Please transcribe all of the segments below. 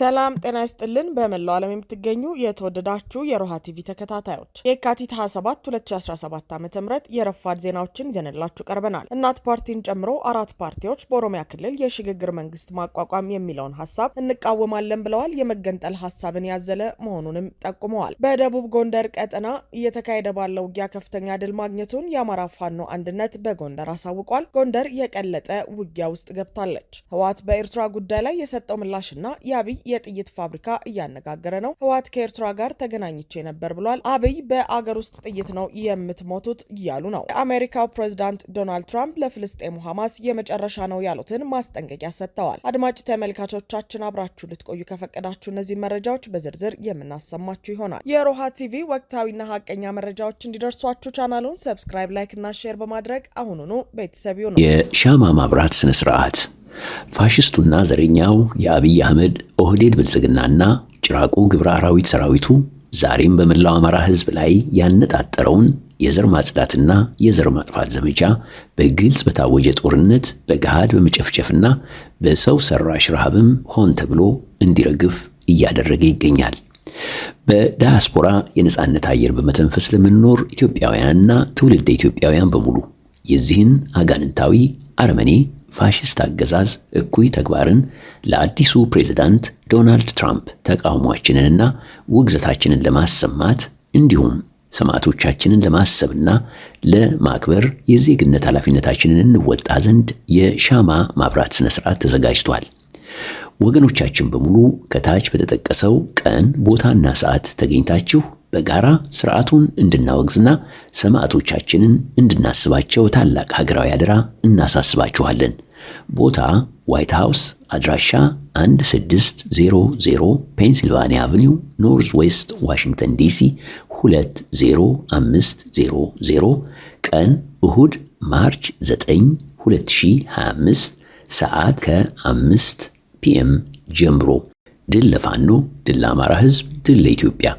ሰላም ጤና ይስጥልን። በመላው ዓለም የምትገኙ የተወደዳችሁ የሮሃ ቲቪ ተከታታዮች የካቲት 27 2017 ዓ ም የረፋድ ዜናዎችን ይዘንላችሁ ቀርበናል። እናት ፓርቲን ጨምሮ አራት ፓርቲዎች በኦሮሚያ ክልል የሽግግር መንግስት ማቋቋም የሚለውን ሀሳብ እንቃወማለን ብለዋል። የመገንጠል ሀሳብን ያዘለ መሆኑንም ጠቁመዋል። በደቡብ ጎንደር ቀጠና እየተካሄደ ባለው ውጊያ ከፍተኛ ድል ማግኘቱን የአማራ ፋኖ አንድነት በጎንደር አሳውቋል። ጎንደር የቀለጠ ውጊያ ውስጥ ገብታለች። ህወሓት በኤርትራ ጉዳይ ላይ የሰጠው ምላሽና የአብይ የጥይት ፋብሪካ እያነጋገረ ነው። ህወሓት ከኤርትራ ጋር ተገናኝቼ ነበር ብሏል። አብይ በአገር ውስጥ ጥይት ነው የምትሞቱት እያሉ ነው። የአሜሪካው ፕሬዚዳንት ዶናልድ ትራምፕ ለፍልስጤሙ ሐማስ የመጨረሻ ነው ያሉትን ማስጠንቀቂያ ሰጥተዋል። አድማጭ ተመልካቾቻችን አብራችሁ ልትቆዩ ከፈቀዳችሁ እነዚህ መረጃዎች በዝርዝር የምናሰማችሁ ይሆናል። የሮሃ ቲቪ ወቅታዊና ሀቀኛ መረጃዎች እንዲደርሷችሁ ቻናሉን ሰብስክራይብ፣ ላይክ እና ሼር በማድረግ አሁኑኑ ቤተሰብ ይሁኑ። የሻማ ማብራት ስነስርዓት ፋሽስቱና ዘረኛው የአብይ አህመድ ኦህዴድ ብልጽግናና ጭራቁ ግብረ አራዊት ሰራዊቱ ዛሬም በመላው አማራ ሕዝብ ላይ ያነጣጠረውን የዘር ማጽዳትና የዘር ማጥፋት ዘመቻ በግልጽ በታወጀ ጦርነት በገሃድ በመጨፍጨፍና በሰው ሰራሽ ረሃብም ሆን ተብሎ እንዲረግፍ እያደረገ ይገኛል። በዳያስፖራ የነጻነት አየር በመተንፈስ ለምንኖር ኢትዮጵያውያንና ትውልደ ኢትዮጵያውያን በሙሉ የዚህን አጋንንታዊ አረመኔ ፋሽስት አገዛዝ እኩይ ተግባርን ለአዲሱ ፕሬዝዳንት ዶናልድ ትራምፕ ተቃውሟችንንና ውግዘታችንን ለማሰማት እንዲሁም ሰማዕቶቻችንን ለማሰብና ለማክበር የዜግነት ኃላፊነታችንን እንወጣ ዘንድ የሻማ ማብራት ሥነ ሥርዓት ተዘጋጅቷል። ወገኖቻችን በሙሉ ከታች በተጠቀሰው ቀን ቦታና ሰዓት ተገኝታችሁ በጋራ ስርዓቱን እንድናወግዝና ሰማዕቶቻችንን እንድናስባቸው ታላቅ ሀገራዊ አደራ እናሳስባችኋለን። ቦታ ዋይት ሃውስ፣ አድራሻ 1600 ፔንሲልቫኒያ አቨኒው ኖርዝ ዌስት ዋሽንግተን ዲሲ 20500፣ ቀን እሁድ ማርች 9 2025፣ ሰዓት ከ5 ፒኤም ጀምሮ። ድል ለፋኖ፣ ድል ለአማራ ህዝብ ድል ለኢትዮጵያ።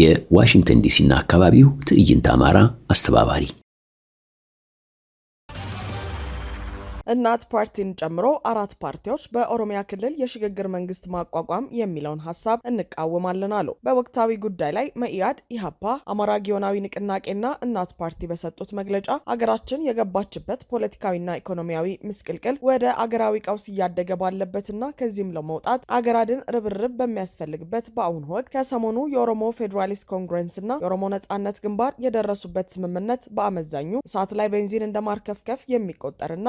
የዋሽንግተን ዲሲና አካባቢው ትዕይንት አማራ አስተባባሪ እናት ፓርቲን ጨምሮ አራት ፓርቲዎች በኦሮሚያ ክልል የሽግግር መንግስት ማቋቋም የሚለውን ሀሳብ እንቃወማለን አሉ። በወቅታዊ ጉዳይ ላይ መኢአድ፣ ኢሃፓ፣ አማራ ጊዮናዊ ንቅናቄና እናት ፓርቲ በሰጡት መግለጫ አገራችን የገባችበት ፖለቲካዊና ኢኮኖሚያዊ ምስቅልቅል ወደ አገራዊ ቀውስ እያደገ ባለበትና ከዚህም ለመውጣት አገራድን ርብርብ በሚያስፈልግበት በአሁኑ ወቅት ከሰሞኑ የኦሮሞ ፌዴራሊስት ኮንግረስና የኦሮሞ ነጻነት ግንባር የደረሱበት ስምምነት በአመዛኙ እሳት ላይ ቤንዚን እንደማርከፍከፍ የሚቆጠርና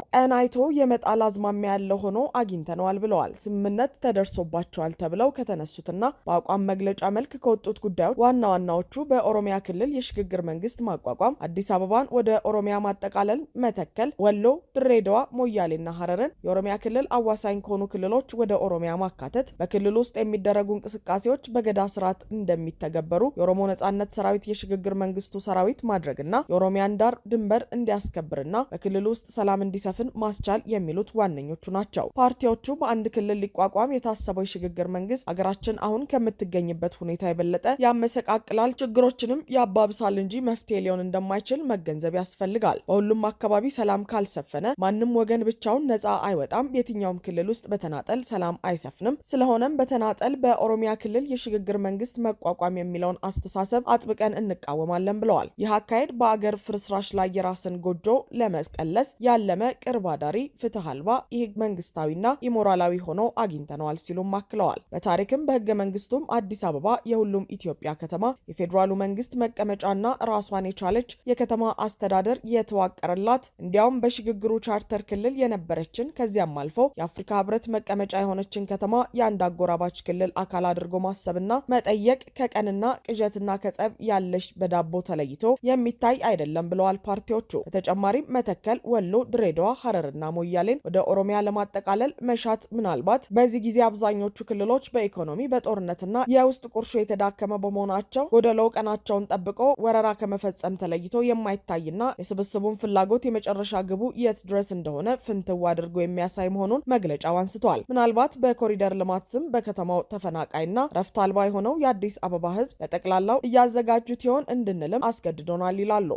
አይቶ የመጣል አዝማሚያ ያለ ሆኖ አግኝተነዋል ብለዋል። ስምምነት ተደርሶባቸዋል ተብለው ከተነሱትና በአቋም መግለጫ መልክ ከወጡት ጉዳዮች ዋና ዋናዎቹ በኦሮሚያ ክልል የሽግግር መንግስት ማቋቋም፣ አዲስ አበባን ወደ ኦሮሚያ ማጠቃለል፣ መተከል፣ ወሎ፣ ድሬዳዋ፣ ሞያሌና ሀረርን የኦሮሚያ ክልል አዋሳኝ ከሆኑ ክልሎች ወደ ኦሮሚያ ማካተት፣ በክልል ውስጥ የሚደረጉ እንቅስቃሴዎች በገዳ ስርዓት እንደሚተገበሩ የኦሮሞ ነጻነት ሰራዊት የሽግግር መንግስቱ ሰራዊት ማድረግና የኦሮሚያን ዳር ድንበር እንዲያስከብርና በክልል ውስጥ ሰላም እንዲሰፍን ማስ ያስቻል የሚሉት ዋነኞቹ ናቸው። ፓርቲዎቹ በአንድ ክልል ሊቋቋም የታሰበው የሽግግር መንግስት አገራችን አሁን ከምትገኝበት ሁኔታ የበለጠ ያመሰቃቅላል፣ ችግሮችንም ያባብሳል እንጂ መፍትሄ ሊሆን እንደማይችል መገንዘብ ያስፈልጋል። በሁሉም አካባቢ ሰላም ካልሰፈነ ማንም ወገን ብቻውን ነጻ አይወጣም። የትኛውም ክልል ውስጥ በተናጠል ሰላም አይሰፍንም። ስለሆነም በተናጠል በኦሮሚያ ክልል የሽግግር መንግስት መቋቋም የሚለውን አስተሳሰብ አጥብቀን እንቃወማለን ብለዋል። ይህ አካሄድ በአገር ፍርስራሽ ላይ የራስን ጎጆ ለመቀለስ ያለመ ቅርብ አስተዳዳሪ ፍትህ አልባ የህግ መንግስታዊና ኢሞራላዊ ሆኖ አግኝተነዋል ሲሉም አክለዋል። በታሪክም በህገ መንግስቱም አዲስ አበባ የሁሉም ኢትዮጵያ ከተማ የፌዴራሉ መንግስት መቀመጫና ራሷን የቻለች የከተማ አስተዳደር የተዋቀረላት እንዲያውም በሽግግሩ ቻርተር ክልል የነበረችን ከዚያም አልፎ የአፍሪካ ህብረት መቀመጫ የሆነችን ከተማ የአንድ አጎራባች ክልል አካል አድርጎ ማሰብና መጠየቅ ከቀንና ቅዠትና ከጸብ ያለሽ በዳቦ ተለይቶ የሚታይ አይደለም ብለዋል ፓርቲዎቹ። በተጨማሪም መተከል፣ ወሎ፣ ድሬዳዋ፣ ሀረር አፋርና ሞያሌን ወደ ኦሮሚያ ለማጠቃለል መሻት ምናልባት በዚህ ጊዜ አብዛኞቹ ክልሎች በኢኮኖሚ በጦርነትና የውስጥ ቁርሾ የተዳከመ በመሆናቸው ጎደለው ቀናቸውን ጠብቆ ወረራ ከመፈጸም ተለይቶ የማይታይና የስብስቡን ፍላጎት የመጨረሻ ግቡ የት ድረስ እንደሆነ ፍንትው አድርጎ የሚያሳይ መሆኑን መግለጫው አንስቷል። ምናልባት በኮሪደር ልማት ስም በከተማው ተፈናቃይና ረፍት አልባ የሆነው የአዲስ አበባ ህዝብ ለጠቅላላው እያዘጋጁት ይሆን እንድንልም አስገድዶናል ይላሉ።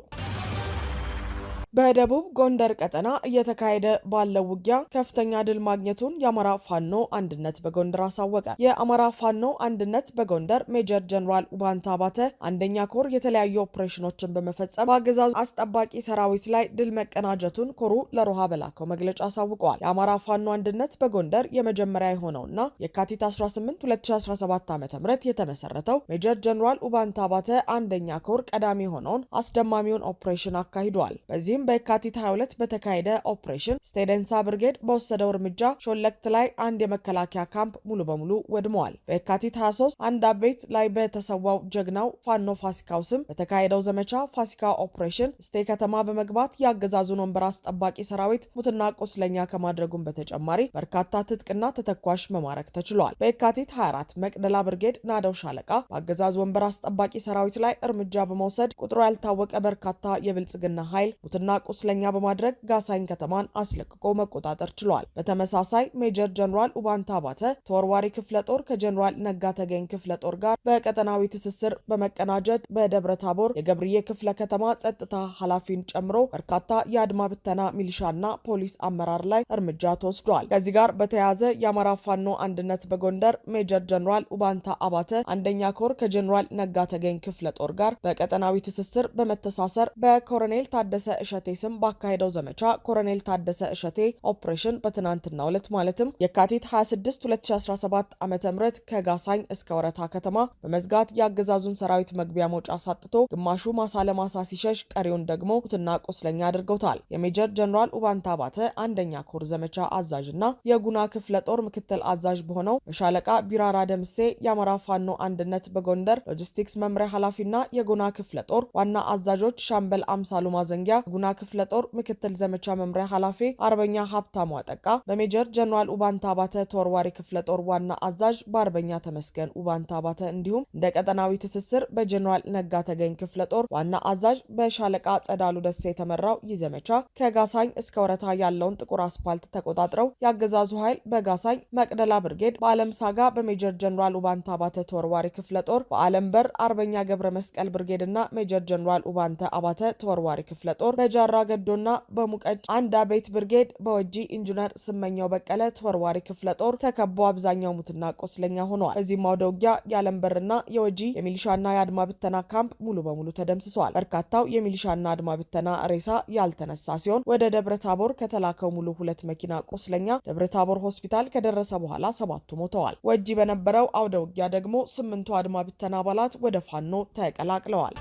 በደቡብ ጎንደር ቀጠና እየተካሄደ ባለው ውጊያ ከፍተኛ ድል ማግኘቱን የአማራ ፋኖ አንድነት በጎንደር አሳወቀ። የአማራ ፋኖ አንድነት በጎንደር ሜጀር ጀኔራል ውባንታ አባተ አንደኛ ኮር የተለያዩ ኦፕሬሽኖችን በመፈጸም በአገዛዙ አስጠባቂ ሰራዊት ላይ ድል መቀናጀቱን ኮሩ ለሮሃ በላከው መግለጫ አሳውቀዋል። የአማራ ፋኖ አንድነት በጎንደር የመጀመሪያ የሆነውና የካቲት 18 2017 ዓ ም የተመሰረተው ሜጀር ጀኔራል ውባንታ አባተ አንደኛ ኮር ቀዳሚ የሆነውን አስደማሚውን ኦፕሬሽን አካሂዷል። በዚህም በተለይም በየካቲት 22 በተካሄደ ኦፕሬሽን ስቴደንሳ ብርጌድ በወሰደው እርምጃ ሾለክት ላይ አንድ የመከላከያ ካምፕ ሙሉ በሙሉ ወድመዋል። በየካቲት 23 አንድ አቤት ላይ በተሰዋው ጀግናው ፋኖ ፋሲካው ስም በተካሄደው ዘመቻ ፋሲካ ኦፕሬሽን ስቴ ከተማ በመግባት የአገዛዙን ወንበር አስጠባቂ ሰራዊት ሙትና ቆስለኛ ከማድረጉን በተጨማሪ በርካታ ትጥቅና ተተኳሽ መማረክ ተችሏል። በየካቲት 24 መቅደላ ብርጌድ ናደው ሻለቃ በአገዛዙ ወንበር አስጠባቂ ሰራዊት ላይ እርምጃ በመውሰድ ቁጥሩ ያልታወቀ በርካታ የብልጽግና ኃይል ሙትና ቁስለኛ በማድረግ ጋሳይን ከተማን አስለቅቆ መቆጣጠር ችሏል። በተመሳሳይ ሜጀር ጀኔራል ኡባንታ አባተ ተወርዋሪ ክፍለ ጦር ከጀኔራል ነጋ ተገኝ ክፍለ ጦር ጋር በቀጠናዊ ትስስር በመቀናጀት በደብረ ታቦር የገብርዬ ክፍለ ከተማ ጸጥታ ኃላፊን ጨምሮ በርካታ የአድማ ብተና ሚሊሻና ፖሊስ አመራር ላይ እርምጃ ተወስዷል። ከዚህ ጋር በተያያዘ የአማራ ፋኖ አንድነት በጎንደር ሜጀር ጀኔራል ኡባንታ አባተ አንደኛ ኮር ከጀኔራል ነጋ ተገኝ ክፍለ ጦር ጋር በቀጠናዊ ትስስር በመተሳሰር በኮሎኔል ታደሰ እሸት እሸቴ ስም ባካሄደው ዘመቻ ኮሎኔል ታደሰ እሸቴ ኦፕሬሽን በትናንትናው ዕለት ማለትም የካቲት 26 2017 ዓ ም ከጋሳኝ እስከ ወረታ ከተማ በመዝጋት የአገዛዙን ሰራዊት መግቢያ መውጫ አሳጥቶ ግማሹ ማሳ ለማሳ ሲሸሽ፣ ቀሪውን ደግሞ ሙትና ቁስለኛ አድርገውታል። የሜጀር ጀኔራል ኡባንታ ባተ አንደኛ ኮር ዘመቻ አዛዥ እና የጉና ክፍለ ጦር ምክትል አዛዥ በሆነው በሻለቃ ቢራራ ደምሴ የአማራ ፋኖ አንድነት በጎንደር ሎጂስቲክስ መምሪያ ኃላፊና የጉና ክፍለ ጦር ዋና አዛዦች ሻምበል አምሳሉ ማዘንጊያ ጉና ክፍለ ጦር ምክትል ዘመቻ መምሪያ ኃላፊ አርበኛ ሀብታሙ አጠቃ፣ በሜጀር ጀነራል ኡባንታ አባተ ተወርዋሪ ክፍለ ጦር ዋና አዛዥ በአርበኛ ተመስገን ኡባንታ አባተ እንዲሁም እንደ ቀጠናዊ ትስስር በጀነራል ነጋ ተገኝ ክፍለ ጦር ዋና አዛዥ በሻለቃ ጸዳሉ ደሴ የተመራው ይህ ዘመቻ ከጋሳኝ እስከ ወረታ ያለውን ጥቁር አስፓልት ተቆጣጥረው ያገዛዙ ኃይል በጋሳኝ መቅደላ ብርጌድ በአለም ሳጋ በሜጀር ጀነራል ኡባንታ አባተ ተወርዋሪ ክፍለ ጦር በአለም በር አርበኛ ገብረ መስቀል ብርጌድ እና ሜጀር ጀኔራል ኡባንተ አባተ ተወርዋሪ ክፍለ ጦር በጃ ጃራ ገዶና በሙቀጭ አንድ አቤት ብርጌድ በወጂ ኢንጂነር ስመኛው በቀለ ተወርዋሪ ክፍለ ጦር ተከቦ አብዛኛው ሙትና ቆስለኛ ሆኗል። በዚህም አውደ ውጊያ የአለምበርና የወጂ የሚሊሻና የአድማ ብተና ካምፕ ሙሉ በሙሉ ተደምስሷል። በርካታው የሚሊሻና አድማ ብተና ሬሳ ያልተነሳ ሲሆን ወደ ደብረ ታቦር ከተላከው ሙሉ ሁለት መኪና ቆስለኛ ደብረ ታቦር ሆስፒታል ከደረሰ በኋላ ሰባቱ ሞተዋል። ወጂ በነበረው አውደ ውጊያ ደግሞ ስምንቱ አድማ ብተና አባላት ወደ ፋኖ ተቀላቅለዋል።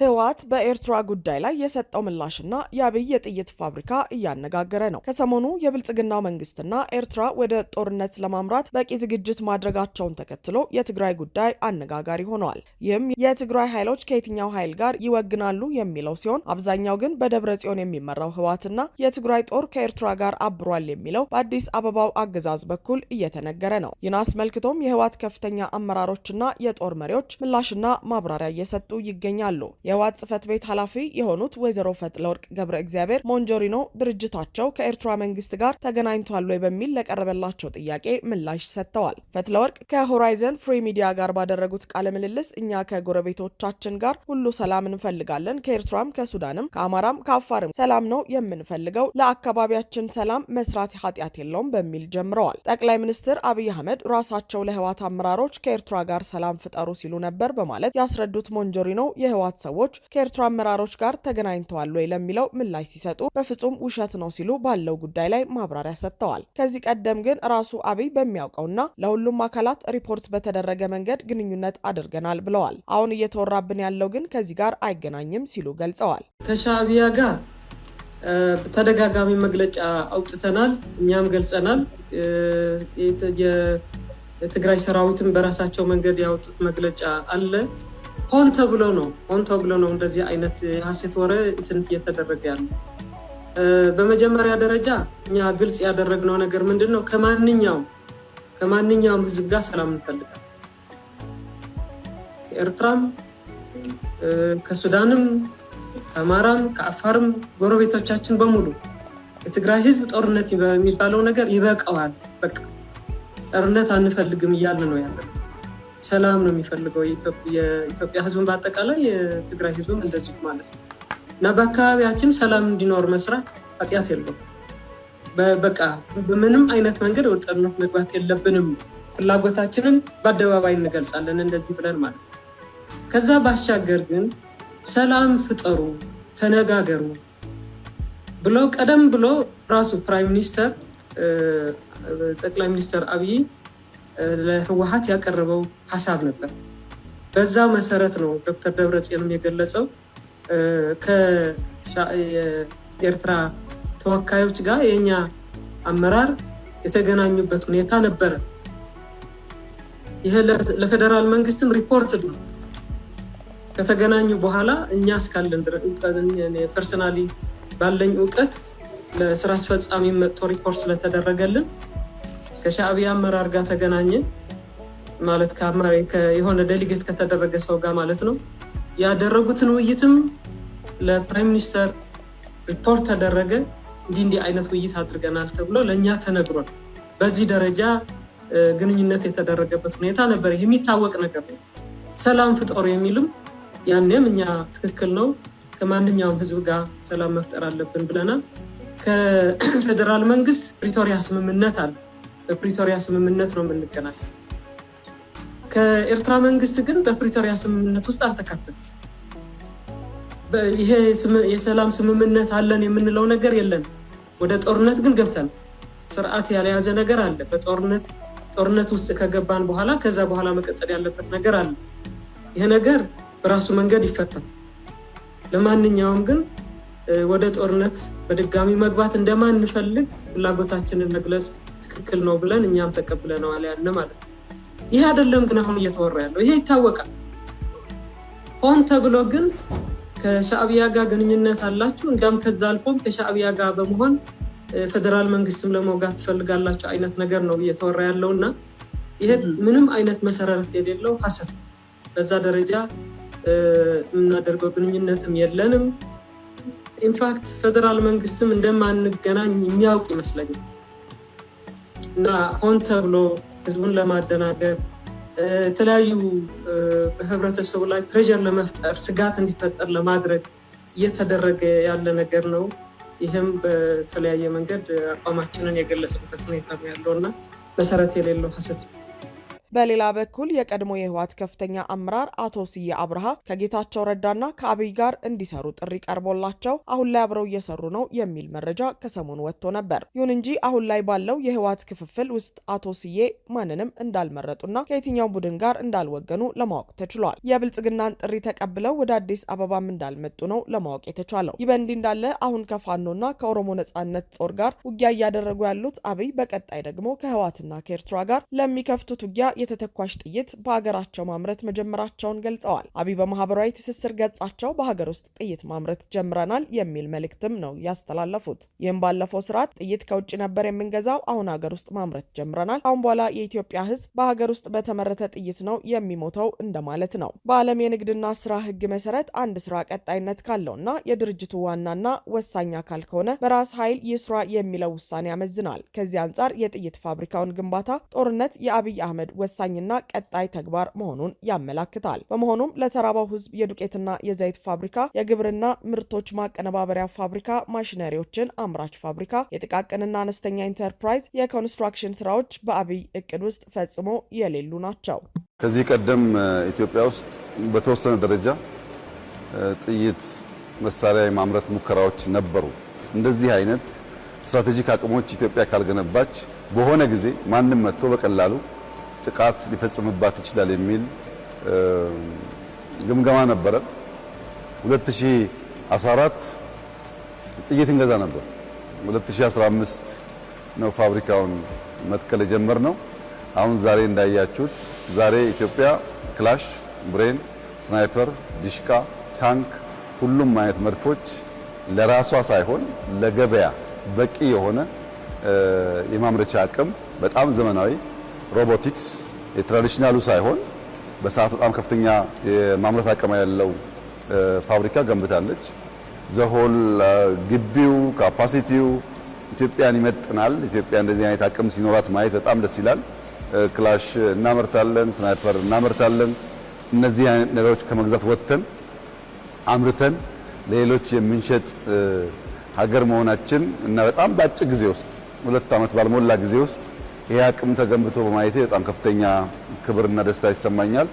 ህወሓት በኤርትራ ጉዳይ ላይ የሰጠው ምላሽና የአብይ የጥይት ፋብሪካ እያነጋገረ ነው። ከሰሞኑ የብልጽግና መንግስትና ኤርትራ ወደ ጦርነት ለማምራት በቂ ዝግጅት ማድረጋቸውን ተከትሎ የትግራይ ጉዳይ አነጋጋሪ ሆነዋል። ይህም የትግራይ ኃይሎች ከየትኛው ኃይል ጋር ይወግናሉ የሚለው ሲሆን አብዛኛው ግን በደብረ ጽዮን የሚመራው ህወሓትና የትግራይ ጦር ከኤርትራ ጋር አብሯል የሚለው በአዲስ አበባው አገዛዝ በኩል እየተነገረ ነው። ይህን አስመልክቶም የህወሓት ከፍተኛ አመራሮችና የጦር መሪዎች ምላሽና ማብራሪያ እየሰጡ ይገኛሉ። የህወሓት ጽህፈት ቤት ኃላፊ የሆኑት ወይዘሮ ፈትለወርቅ ገብረ እግዚአብሔር ሞንጆሪኖ ድርጅታቸው ከኤርትራ መንግስት ጋር ተገናኝቷል ወይ በሚል ለቀረበላቸው ጥያቄ ምላሽ ሰጥተዋል። ፈትለወርቅ ከሆራይዘን ፍሪ ሚዲያ ጋር ባደረጉት ቃለ ምልልስ እኛ ከጎረቤቶቻችን ጋር ሁሉ ሰላም እንፈልጋለን። ከኤርትራም፣ ከሱዳንም፣ ከአማራም፣ ከአፋርም ሰላም ነው የምንፈልገው። ለአካባቢያችን ሰላም መስራት ኃጢአት የለውም በሚል ጀምረዋል። ጠቅላይ ሚኒስትር አብይ አህመድ ራሳቸው ለህወሓት አመራሮች ከኤርትራ ጋር ሰላም ፍጠሩ ሲሉ ነበር በማለት ያስረዱት ሞንጆሪኖ የህወሓት ሰው ሰዎች ከኤርትራ አመራሮች ጋር ተገናኝተዋል ወይ ለሚለው ምላሽ ሲሰጡ በፍጹም ውሸት ነው ሲሉ ባለው ጉዳይ ላይ ማብራሪያ ሰጥተዋል። ከዚህ ቀደም ግን ራሱ አብይ በሚያውቀውና ለሁሉም አካላት ሪፖርት በተደረገ መንገድ ግንኙነት አድርገናል ብለዋል። አሁን እየተወራብን ያለው ግን ከዚህ ጋር አይገናኝም ሲሉ ገልጸዋል። ከሻቢያ ጋር ተደጋጋሚ መግለጫ አውጥተናል፣ እኛም ገልጸናል። የትግራይ ሰራዊትም በራሳቸው መንገድ ያወጡት መግለጫ አለ። ሆን ተብሎ ነው ሆን ተብሎ ነው እንደዚህ አይነት ሀሴት ወረ እንትን እየተደረገ ያለ በመጀመሪያ ደረጃ እኛ ግልጽ ያደረግነው ነገር ምንድን ነው? ከማንኛውም ከማንኛውም ህዝብ ጋር ሰላም እንፈልጋል ከኤርትራም፣ ከሱዳንም፣ ከአማራም፣ ከአፋርም ጎረቤቶቻችን በሙሉ የትግራይ ህዝብ ጦርነት የሚባለው ነገር ይበቀዋል፣ በቃ ጦርነት አንፈልግም እያለ ነው ያለው። ሰላም ነው የሚፈልገው የኢትዮጵያ ህዝብን በአጠቃላይ የትግራይ ህዝብም እንደዚሁ ማለት ነው እና በአካባቢያችን ሰላም እንዲኖር መስራት ኃጢአት የለውም። በቃ በምንም አይነት መንገድ ወደ መግባት የለብንም። ፍላጎታችንን በአደባባይ እንገልጻለን እንደዚህ ብለን ማለት ነው። ከዛ ባሻገር ግን ሰላም ፍጠሩ፣ ተነጋገሩ ብሎ ቀደም ብሎ ራሱ ፕራይም ሚኒስተር ጠቅላይ ሚኒስተር አብይ ለህወሀት ያቀረበው ሀሳብ ነበር። በዛ መሰረት ነው ዶክተር ደብረጽዮንም የገለጸው ከኤርትራ ተወካዮች ጋር የእኛ አመራር የተገናኙበት ሁኔታ ነበረ። ይሄ ለፌደራል መንግስትም ሪፖርት ነው። ከተገናኙ በኋላ እኛ እስካለን ፐርሰናሊ ባለኝ እውቀት ለስራ አስፈጻሚ መጥቶ ሪፖርት ስለተደረገልን ከሻዕቢያ አመራር ጋር ተገናኘን ማለት የሆነ ደሊጌት ከተደረገ ሰው ጋር ማለት ነው። ያደረጉትን ውይይትም ለፕራይም ሚኒስተር ሪፖርት ተደረገ። እንዲህ እንዲህ አይነት ውይይት አድርገናል ተብሎ ለእኛ ተነግሯል። በዚህ ደረጃ ግንኙነት የተደረገበት ሁኔታ ነበር። የሚታወቅ ነገር ነው። ሰላም ፍጦር የሚልም ያንም እኛ ትክክል ነው፣ ከማንኛውም ህዝብ ጋር ሰላም መፍጠር አለብን ብለናል። ከፌደራል መንግስት ፕሪቶሪያ ስምምነት አለ በፕሪቶሪያ ስምምነት ነው የምንገናኘው። ከኤርትራ መንግስት ግን በፕሪቶሪያ ስምምነት ውስጥ አልተካተትም። ይሄ የሰላም ስምምነት አለን የምንለው ነገር የለም። ወደ ጦርነት ግን ገብተን ስርዓት ያለያዘ ነገር አለ። በጦርነት ጦርነት ውስጥ ከገባን በኋላ ከዛ በኋላ መቀጠል ያለበት ነገር አለ። ይሄ ነገር በራሱ መንገድ ይፈታል። ለማንኛውም ግን ወደ ጦርነት በድጋሚ መግባት እንደማንፈልግ ፍላጎታችንን መግለጽ ትክክል ነው ብለን እኛም ተቀብለነዋል ያለ ማለት ነው። ይሄ አይደለም ግን አሁን እየተወራ ያለው ይሄ ይታወቃል። ሆን ተብሎ ግን ከሻዕቢያ ጋር ግንኙነት አላችሁ እንዳም ከዛ አልፎም ከሻዕቢያ ጋር በመሆን ፌደራል መንግስትም ለመውጋት ትፈልጋላቸው አይነት ነገር ነው እየተወራ ያለው እና ይሄ ምንም አይነት መሰረት የሌለው ሀሰት ነው። በዛ ደረጃ የምናደርገው ግንኙነትም የለንም። ኢንፋክት ፌዴራል መንግስትም እንደማንገናኝ የሚያውቅ ይመስለኛል። እና ሆን ተብሎ ህዝቡን ለማደናገር የተለያዩ በህብረተሰቡ ላይ ፕሬር ለመፍጠር ስጋት እንዲፈጠር ለማድረግ እየተደረገ ያለ ነገር ነው። ይህም በተለያየ መንገድ አቋማችንን የገለጽበት ሁኔታ ያለው እና መሰረት የሌለው ሀሰት ነው። በሌላ በኩል የቀድሞ የህወሓት ከፍተኛ አመራር አቶ ስዬ አብርሃ ከጌታቸው ረዳና ከአብይ ጋር እንዲሰሩ ጥሪ ቀርቦላቸው አሁን ላይ አብረው እየሰሩ ነው የሚል መረጃ ከሰሞኑ ወጥቶ ነበር። ይሁን እንጂ አሁን ላይ ባለው የህወሓት ክፍፍል ውስጥ አቶ ስዬ ማንንም እንዳልመረጡና ከየትኛው ቡድን ጋር እንዳልወገኑ ለማወቅ ተችሏል። የብልጽግናን ጥሪ ተቀብለው ወደ አዲስ አበባም እንዳልመጡ ነው ለማወቅ የተቻለው። ይህ በእንዲህ እንዳለ አሁን ከፋኖና ከኦሮሞ ነጻነት ጦር ጋር ውጊያ እያደረጉ ያሉት አብይ በቀጣይ ደግሞ ከህወሓትና ከኤርትራ ጋር ለሚከፍቱት ውጊያ የተተኳሽ ጥይት በሀገራቸው ማምረት መጀመራቸውን ገልጸዋል። አብይ በማህበራዊ ትስስር ገጻቸው በሀገር ውስጥ ጥይት ማምረት ጀምረናል የሚል መልእክትም ነው ያስተላለፉት። ይህም ባለፈው ስርዓት ጥይት ከውጭ ነበር የምንገዛው፣ አሁን ሀገር ውስጥ ማምረት ጀምረናል። አሁን በኋላ የኢትዮጵያ ህዝብ በሀገር ውስጥ በተመረተ ጥይት ነው የሚሞተው እንደማለት ነው። በዓለም የንግድና ስራ ህግ መሰረት አንድ ስራ ቀጣይነት ካለውና የድርጅቱ ዋናና ወሳኝ አካል ከሆነ በራስ ኃይል ይህ ስራ የሚለው ውሳኔ ያመዝናል። ከዚህ አንጻር የጥይት ፋብሪካውን ግንባታ ጦርነት የአብይ አህመድ ወሳኝና ቀጣይ ተግባር መሆኑን ያመላክታል። በመሆኑም ለተራባው ህዝብ የዱቄትና የዘይት ፋብሪካ፣ የግብርና ምርቶች ማቀነባበሪያ ፋብሪካ፣ ማሽነሪዎችን አምራች ፋብሪካ፣ የጥቃቅንና አነስተኛ ኢንተርፕራይዝ፣ የኮንስትራክሽን ስራዎች በአብይ እቅድ ውስጥ ፈጽሞ የሌሉ ናቸው። ከዚህ ቀደም ኢትዮጵያ ውስጥ በተወሰነ ደረጃ ጥይት መሳሪያ የማምረት ሙከራዎች ነበሩ። እንደዚህ አይነት ስትራቴጂክ አቅሞች ኢትዮጵያ ካልገነባች በሆነ ጊዜ ማንም መጥቶ በቀላሉ ጥቃት ሊፈጽምባት ይችላል የሚል ግምገማ ነበረ። 2014 ጥይት እንገዛ ነበር። 2015 ነው ፋብሪካውን መትከል የጀመር ነው። አሁን ዛሬ እንዳያችሁት ዛሬ ኢትዮጵያ ክላሽ፣ ብሬን፣ ስናይፐር፣ ዲሽቃ፣ ታንክ፣ ሁሉም አይነት መድፎች ለራሷ ሳይሆን ለገበያ በቂ የሆነ የማምረቻ አቅም በጣም ዘመናዊ ሮቦቲክስ የትራዲሽናሉ ሳይሆን በሰዓት በጣም ከፍተኛ የማምረት አቅም ያለው ፋብሪካ ገንብታለች። ዘሆል ግቢው ካፓሲቲው ኢትዮጵያን ይመጥናል። ኢትዮጵያ እንደዚህ አይነት አቅም ሲኖራት ማየት በጣም ደስ ይላል። ክላሽ እናመርታለን፣ ስናይፐር እናመርታለን። እነዚህ አይነት ነገሮች ከመግዛት ወጥተን አምርተን ለሌሎች የምንሸጥ ሀገር መሆናችን እና በጣም በአጭር ጊዜ ውስጥ ሁለት ዓመት ባልሞላ ጊዜ ውስጥ ይህ አቅም ተገንብቶ በማየቴ በጣም ከፍተኛ ክብርና ደስታ ይሰማኛል።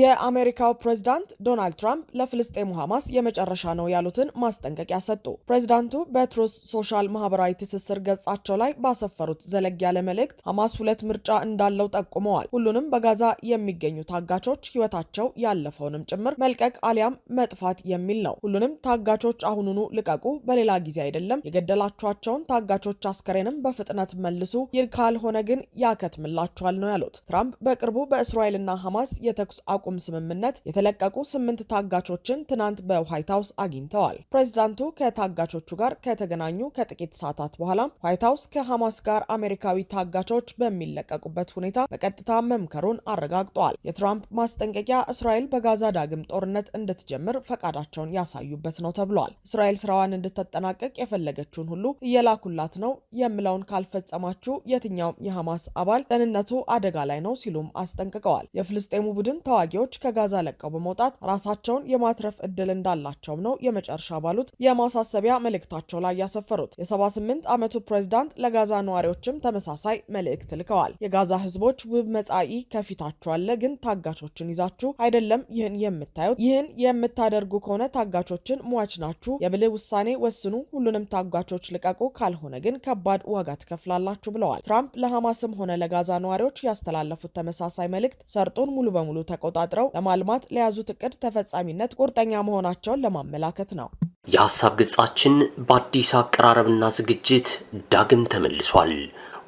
የአሜሪካው ፕሬዝዳንት ዶናልድ ትራምፕ ለፍልስጤሙ ሐማስ የመጨረሻ ነው ያሉትን ማስጠንቀቂያ ሰጡ። ፕሬዝዳንቱ በትሩስ ሶሻል ማህበራዊ ትስስር ገጻቸው ላይ ባሰፈሩት ዘለግ ያለ መልእክት ሐማስ ሁለት ምርጫ እንዳለው ጠቁመዋል። ሁሉንም በጋዛ የሚገኙ ታጋቾች ህይወታቸው ያለፈውንም ጭምር መልቀቅ አሊያም መጥፋት የሚል ነው። ሁሉንም ታጋቾች አሁኑኑ ልቀቁ፣ በሌላ ጊዜ አይደለም። የገደላችኋቸውን ታጋቾች አስከሬንም በፍጥነት መልሱ፣ ይህ ካልሆነ ግን ያከትምላችኋል ነው ያሉት። ትራምፕ በቅርቡ በእስራኤልና ሐማስ የተኩስ ቁም ስምምነት የተለቀቁ ስምንት ታጋቾችን ትናንት በዋይት ሀውስ አግኝተዋል። ፕሬዚዳንቱ ከታጋቾቹ ጋር ከተገናኙ ከጥቂት ሰዓታት በኋላ ዋይት ሀውስ ከሐማስ ጋር አሜሪካዊ ታጋቾች በሚለቀቁበት ሁኔታ በቀጥታ መምከሩን አረጋግጧል። የትራምፕ ማስጠንቀቂያ እስራኤል በጋዛ ዳግም ጦርነት እንድትጀምር ፈቃዳቸውን ያሳዩበት ነው ተብሏል። እስራኤል ስራዋን እንድትጠናቀቅ የፈለገችውን ሁሉ እየላኩላት ነው የምለውን ካልፈጸማችሁ የትኛውም የሐማስ አባል ደህንነቱ አደጋ ላይ ነው ሲሉም አስጠንቅቀዋል። የፍልስጤሙ ቡድን ተዋጊ ተዋጊዎች ከጋዛ ለቀው በመውጣት ራሳቸውን የማትረፍ እድል እንዳላቸውም ነው የመጨረሻ ባሉት የማሳሰቢያ መልእክታቸው ላይ ያሰፈሩት። የ78 ዓመቱ ፕሬዚዳንት ለጋዛ ነዋሪዎችም ተመሳሳይ መልእክት ልከዋል። የጋዛ ህዝቦች ውብ መጻኢ ከፊታችሁ አለ፣ ግን ታጋቾችን ይዛችሁ አይደለም ይህን የምታዩት። ይህን የምታደርጉ ከሆነ ታጋቾችን ሟች ናችሁ። የብልህ ውሳኔ ወስኑ፣ ሁሉንም ታጋቾች ልቀቁ፣ ካልሆነ ግን ከባድ ዋጋ ትከፍላላችሁ ብለዋል። ትራምፕ ለሐማስም ሆነ ለጋዛ ነዋሪዎች ያስተላለፉት ተመሳሳይ መልእክት ሰርጡን ሙሉ በሙሉ ተቆጣ ተቆጣጥረው ለማልማት ለያዙት እቅድ ተፈጻሚነት ቁርጠኛ መሆናቸውን ለማመላከት ነው። የሀሳብ ገጻችን በአዲስ አቀራረብና ዝግጅት ዳግም ተመልሷል።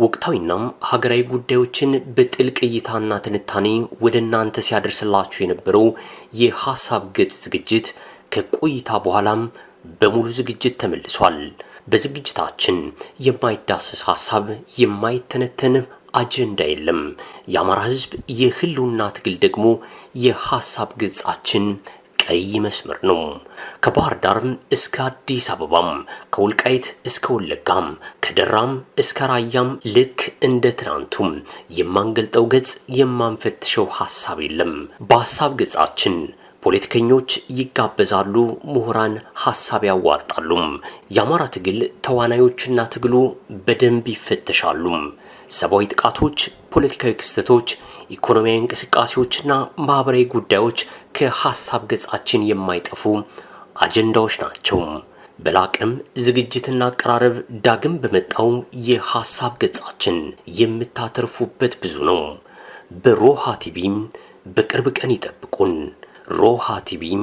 ወቅታዊናም ሀገራዊ ጉዳዮችን በጥልቅ እይታና ትንታኔ ወደ እናንተ ሲያደርስላችሁ የነበረው የሀሳብ ገጽ ዝግጅት ከቆይታ በኋላም በሙሉ ዝግጅት ተመልሷል። በዝግጅታችን የማይዳሰስ ሀሳብ የማይተነተን አጀንዳ የለም። የአማራ ህዝብ የህልውና ትግል ደግሞ የሐሳብ ገጻችን ቀይ መስመር ነው። ከባህር ዳርም እስከ አዲስ አበባም፣ ከውልቃይት እስከ ወለጋም፣ ከደራም እስከ ራያም ልክ እንደ ትናንቱም የማንገልጠው ገጽ የማንፈትሸው ሐሳብ የለም። በሐሳብ ገጻችን ፖለቲከኞች ይጋበዛሉ፣ ምሁራን ሐሳብ ያዋጣሉም። የአማራ ትግል ተዋናዮችና ትግሉ በደንብ ይፈተሻሉም። ሰብአዊ ጥቃቶች፣ ፖለቲካዊ ክስተቶች፣ ኢኮኖሚያዊ እንቅስቃሴዎችና ማኅበራዊ ጉዳዮች ከሐሳብ ገጻችን የማይጠፉ አጀንዳዎች ናቸው። በላቅም ዝግጅትና አቀራረብ ዳግም በመጣው የሐሳብ ገጻችን የምታተርፉበት ብዙ ነው። በሮሃ ቲቪም በቅርብ ቀን ይጠብቁን። ሮሃ ቲቪም